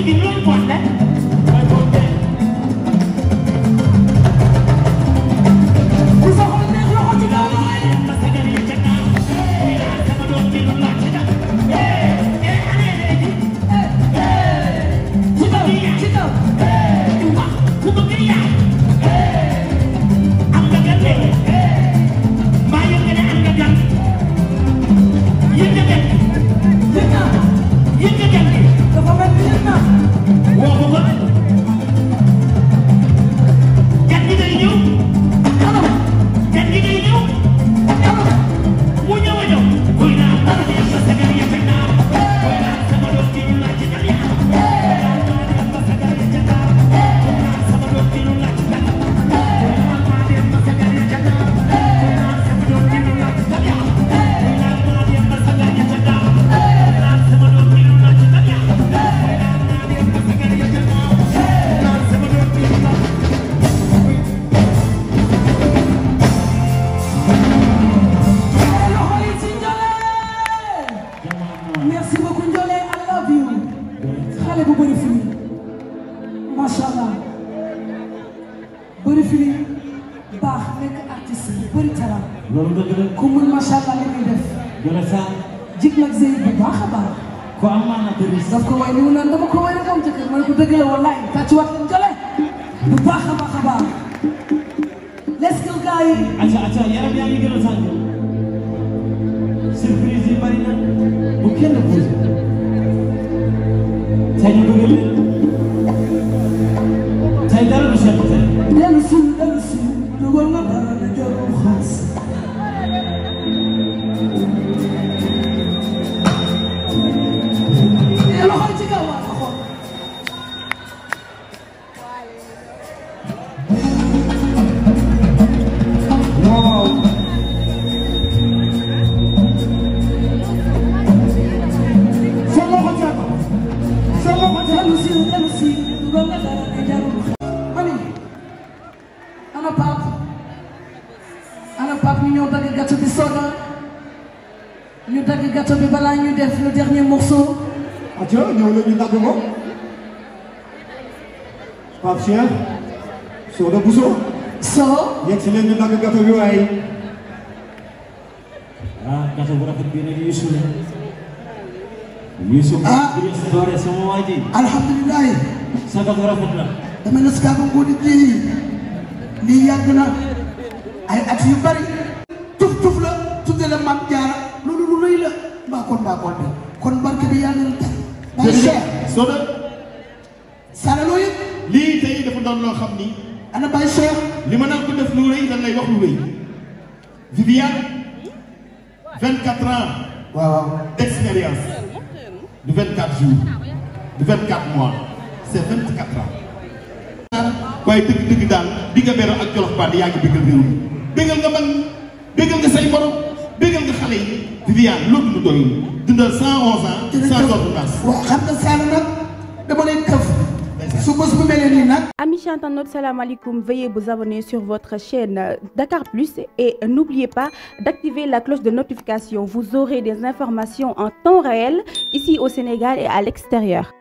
你评论款呢？loolu dëgg la ku mën macha allah li muy def. jërë saa. jig nag yi. acca yi na bu kenn ku. tey ñu ana pap ana pap ñu ñëw bi soda ñu dagg gâteau bi balaa ñu def le dernier morceau. atia ñëw la ñu dagg ko Pape Cheikh Soda Bousso. so yegg si leen ñu dagg gâteau bi waaye. ah gâteau bu rafet bi nag Youssou la. Youssou. ah Youssou Doré sama waa ji. alhamdulilah. sa gâteau rafet na. dama ne si kàddu nguur lii yàgg na ay at yu bari tuf tuf la tudde la maam jaara loolu lu rëy la mbaa kon mbaa kon bi kon barke bi yàlla na tey. day cher Soda. Sala loo yëg. lii tey dafa doon xam ni. ana Baye Cheikh. li ma naan ko def lu rëy lan lay wax lu rëy. Viviane. 24 ans. waaw waaw d'expérience. du 24 jours. waaye dëgg-dëgg daal di nga beral ak jolof baat yaa ngi bëggal réew mi bëggal nga man bëggal nga say borom bëggal nga xale yi Viviane loolu lu doy dundal cent onze ans nag dama leen këf su bés bu mel nii nag amis internautes salaamaaleykum veuillez vous abonner sur votre chaîne Dakar Plus et n'oubliez pas d'activer la cloche de notification vous aurez des informations en temps réel ici au Sénégal et à l'extérieur